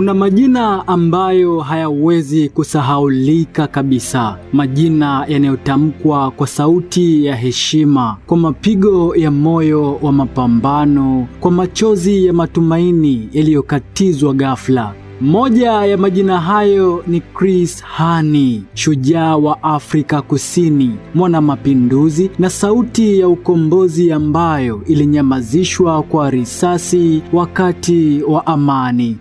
Kuna majina ambayo hayawezi kusahaulika kabisa, majina yanayotamkwa kwa sauti ya heshima, kwa mapigo ya moyo wa mapambano, kwa machozi ya matumaini yaliyokatizwa ghafla. Moja ya majina hayo ni Chris Hani, shujaa wa Afrika Kusini, mwana mapinduzi na sauti ya ukombozi ambayo ilinyamazishwa kwa risasi wakati wa amani.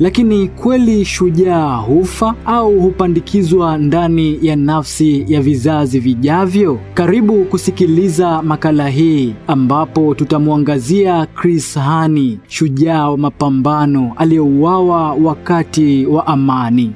Lakini kweli shujaa hufa au hupandikizwa ndani ya nafsi ya vizazi vijavyo? Karibu kusikiliza makala hii ambapo tutamwangazia Chris Hani, shujaa wa mapambano aliyeuawa wakati wa amani.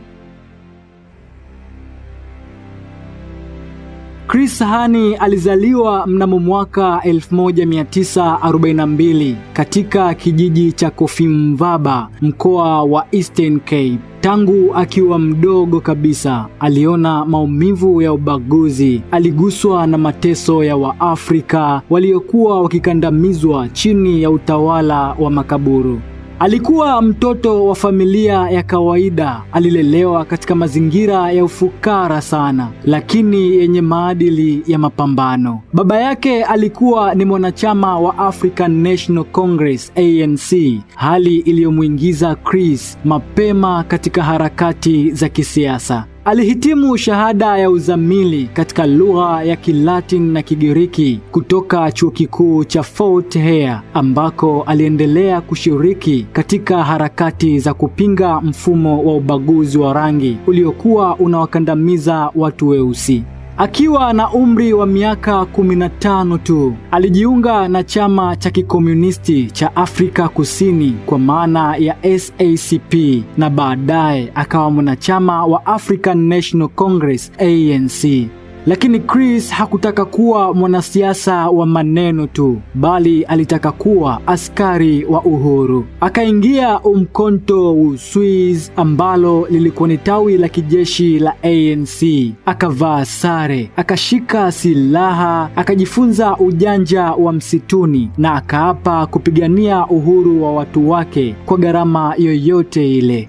Chris Hani alizaliwa mnamo mwaka 1942 katika kijiji cha Kofimvaba, mkoa wa Eastern Cape. Tangu akiwa mdogo kabisa aliona maumivu ya ubaguzi. Aliguswa na mateso ya Waafrika waliokuwa wakikandamizwa chini ya utawala wa makaburu. Alikuwa mtoto wa familia ya kawaida, alilelewa katika mazingira ya ufukara sana, lakini yenye maadili ya mapambano. Baba yake alikuwa ni mwanachama wa African National Congress ANC, hali iliyomwingiza Chris mapema katika harakati za kisiasa. Alihitimu shahada ya uzamili katika lugha ya Kilatin na Kigiriki kutoka Chuo Kikuu cha Fort Hare ambako aliendelea kushiriki katika harakati za kupinga mfumo wa ubaguzi wa rangi uliokuwa unawakandamiza watu weusi. Akiwa na umri wa miaka 15 tu alijiunga na chama cha kikomunisti cha Afrika Kusini kwa maana ya SACP na baadaye akawa mwanachama wa African National Congress ANC. Lakini Chris hakutaka kuwa mwanasiasa wa maneno tu, bali alitaka kuwa askari wa uhuru. Akaingia Umkhonto Wesizwe ambalo lilikuwa ni tawi la kijeshi la ANC. Akavaa sare, akashika silaha, akajifunza ujanja wa msituni na akaapa kupigania uhuru wa watu wake kwa gharama yoyote ile.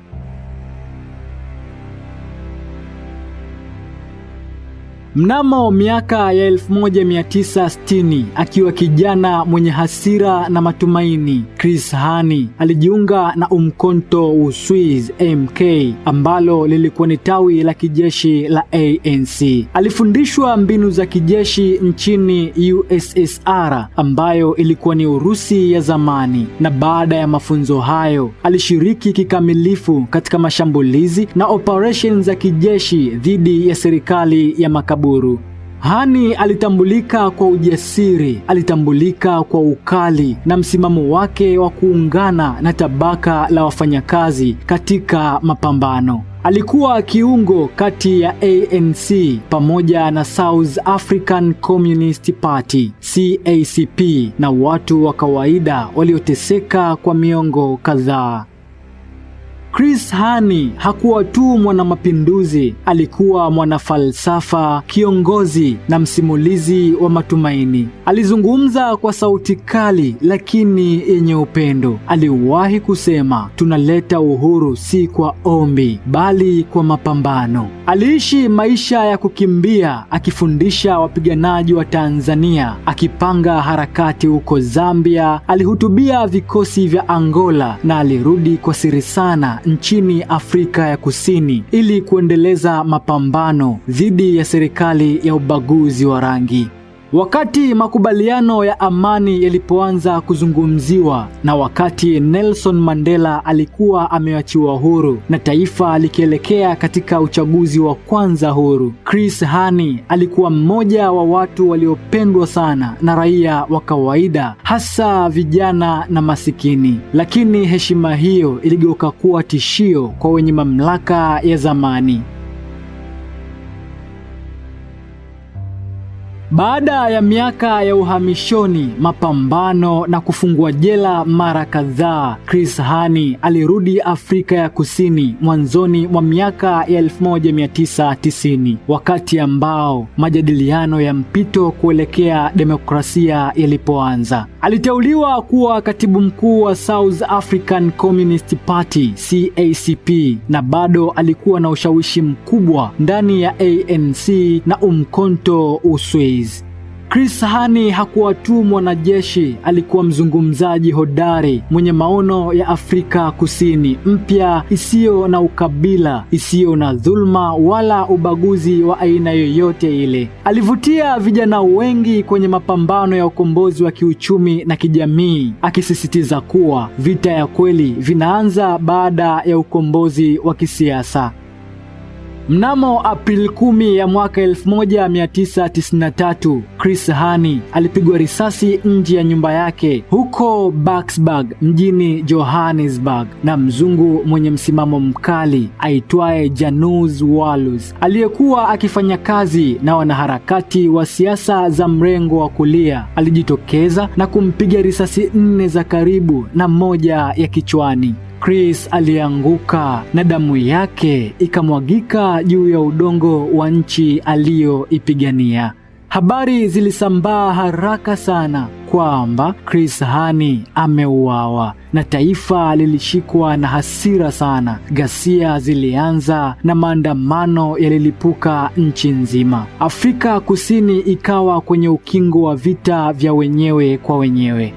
Mnamo miaka ya 1960 akiwa kijana mwenye hasira na matumaini, Chris Hani alijiunga na Umkhonto Uswiz MK ambalo lilikuwa ni tawi la kijeshi la ANC. Alifundishwa mbinu za kijeshi nchini USSR ambayo ilikuwa ni Urusi ya zamani, na baada ya mafunzo hayo alishiriki kikamilifu katika mashambulizi na operations za kijeshi dhidi ya serikali ya makabila Kaburu. Hani alitambulika kwa ujasiri, alitambulika kwa ukali na msimamo wake wa kuungana na tabaka la wafanyakazi katika mapambano. Alikuwa kiungo kati ya ANC pamoja na South African Communist Party CACP na watu wa kawaida walioteseka kwa miongo kadhaa. Chris Hani hakuwa tu mwanamapinduzi, alikuwa mwanafalsafa, kiongozi na msimulizi wa matumaini. Alizungumza kwa sauti kali lakini yenye upendo. Aliwahi kusema, tunaleta uhuru si kwa ombi, bali kwa mapambano. Aliishi maisha ya kukimbia akifundisha wapiganaji wa Tanzania, akipanga harakati huko Zambia, alihutubia vikosi vya Angola na alirudi kwa siri sana nchini Afrika ya Kusini ili kuendeleza mapambano dhidi ya serikali ya ubaguzi wa rangi. Wakati makubaliano ya amani yalipoanza kuzungumziwa na wakati Nelson Mandela alikuwa ameachiwa huru na taifa likielekea katika uchaguzi wa kwanza huru, Chris Hani alikuwa mmoja wa watu waliopendwa sana na raia wa kawaida, hasa vijana na masikini. Lakini heshima hiyo iligeuka kuwa tishio kwa wenye mamlaka ya zamani. Baada ya miaka ya uhamishoni, mapambano na kufungwa jela mara kadhaa, Chris Hani alirudi Afrika ya Kusini mwanzoni mwa miaka ya 1990 wakati ambao majadiliano ya mpito kuelekea demokrasia yalipoanza. Aliteuliwa kuwa katibu mkuu wa South African Communist Party CACP, na bado alikuwa na ushawishi mkubwa ndani ya ANC na Umkhonto Uswezi. Chris Hani hakuwa tu mwanajeshi, alikuwa mzungumzaji hodari mwenye maono ya Afrika Kusini mpya isiyo na ukabila, isiyo na dhulma wala ubaguzi wa aina yoyote ile. Alivutia vijana wengi kwenye mapambano ya ukombozi wa kiuchumi na kijamii, akisisitiza kuwa vita ya kweli vinaanza baada ya ukombozi wa kisiasa. Mnamo Aprili 10 ya mwaka 1993, Chris Hani alipigwa risasi nje ya nyumba yake huko Baksburg mjini Johannesburg na mzungu mwenye msimamo mkali aitwaye Janus Walus aliyekuwa akifanya kazi na wanaharakati wa siasa za mrengo wa kulia. Alijitokeza na kumpiga risasi nne za karibu na moja ya kichwani. Chris alianguka na damu yake ikamwagika juu ya udongo wa nchi aliyoipigania. Habari zilisambaa haraka sana kwamba Chris Hani ameuawa na taifa lilishikwa na hasira sana. Ghasia zilianza na maandamano yalilipuka nchi nzima. Afrika Kusini ikawa kwenye ukingo wa vita vya wenyewe kwa wenyewe.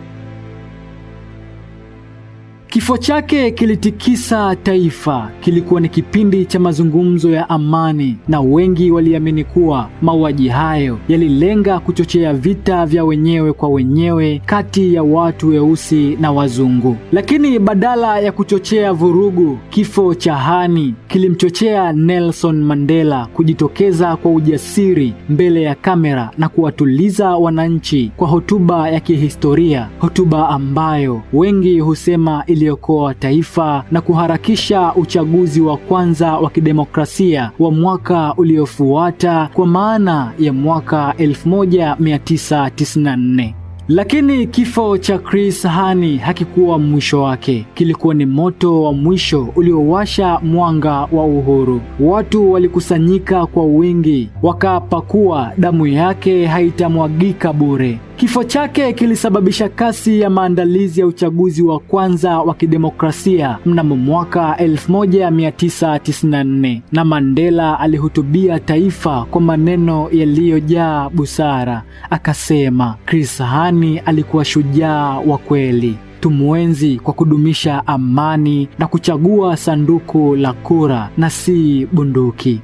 Kifo chake kilitikisa taifa. Kilikuwa ni kipindi cha mazungumzo ya amani, na wengi waliamini kuwa mauaji hayo yalilenga kuchochea vita vya wenyewe kwa wenyewe kati ya watu weusi na wazungu. Lakini badala ya kuchochea vurugu, kifo cha Hani kilimchochea Nelson Mandela kujitokeza kwa ujasiri mbele ya kamera na kuwatuliza wananchi kwa hotuba ya kihistoria, hotuba ambayo wengi husema iliyokoa wa taifa na kuharakisha uchaguzi wa kwanza wa kidemokrasia wa mwaka uliofuata kwa maana ya mwaka 1994. Lakini kifo cha Chris Hani hakikuwa mwisho wake. Kilikuwa ni moto wa mwisho uliowasha mwanga wa uhuru. Watu walikusanyika kwa wingi, wakaapa kuwa damu yake haitamwagika bure. Kifo chake kilisababisha kasi ya maandalizi ya uchaguzi wa kwanza wa kidemokrasia mnamo mwaka 1994 na Mandela alihutubia taifa kwa maneno yaliyojaa busara. Akasema, Chris Hani alikuwa shujaa wa kweli. Tumwenzi kwa kudumisha amani na kuchagua sanduku la kura na si bunduki.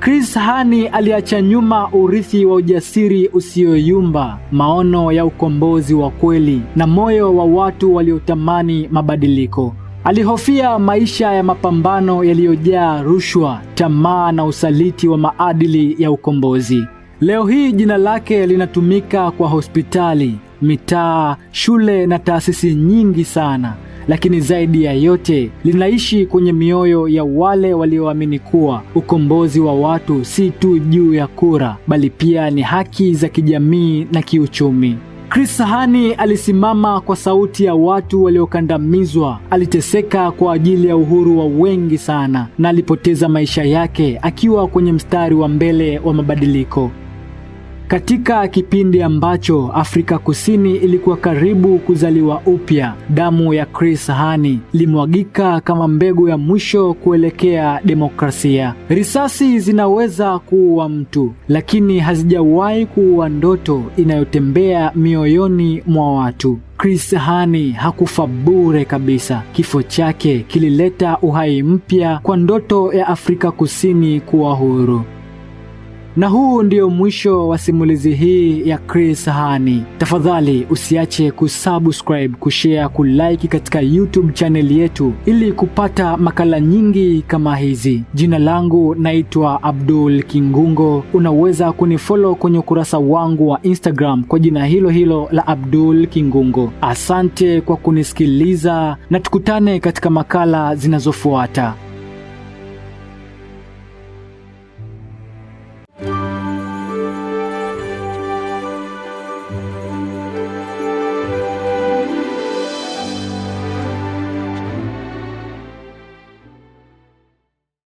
Chris Hani aliacha nyuma urithi wa ujasiri usiyoyumba, maono ya ukombozi wa kweli na moyo wa watu waliotamani mabadiliko. Alihofia maisha ya mapambano yaliyojaa rushwa, tamaa na usaliti wa maadili ya ukombozi. Leo hii jina lake linatumika kwa hospitali, mitaa, shule na taasisi nyingi sana lakini zaidi ya yote linaishi kwenye mioyo ya wale walioamini kuwa ukombozi wa watu si tu juu ya kura, bali pia ni haki za kijamii na kiuchumi. Chris Hani alisimama kwa sauti ya watu waliokandamizwa, aliteseka kwa ajili ya uhuru wa wengi sana na alipoteza maisha yake akiwa kwenye mstari wa mbele wa mabadiliko. Katika kipindi ambacho Afrika Kusini ilikuwa karibu kuzaliwa upya, damu ya Chris Hani ilimwagika kama mbegu ya mwisho kuelekea demokrasia. Risasi zinaweza kuua mtu, lakini hazijawahi kuua ndoto inayotembea mioyoni mwa watu. Chris Hani hakufa bure kabisa. Kifo chake kilileta uhai mpya kwa ndoto ya Afrika Kusini kuwa huru. Na huu ndio mwisho wa simulizi hii ya Chris Hani. Tafadhali usiache kusubscribe, kushare, kulike katika YouTube channel yetu ili kupata makala nyingi kama hizi. Jina langu naitwa Abdul Kingungo. Unaweza kunifollow kwenye ukurasa wangu wa Instagram kwa jina hilo hilo la Abdul Kingungo. Asante kwa kunisikiliza na tukutane katika makala zinazofuata.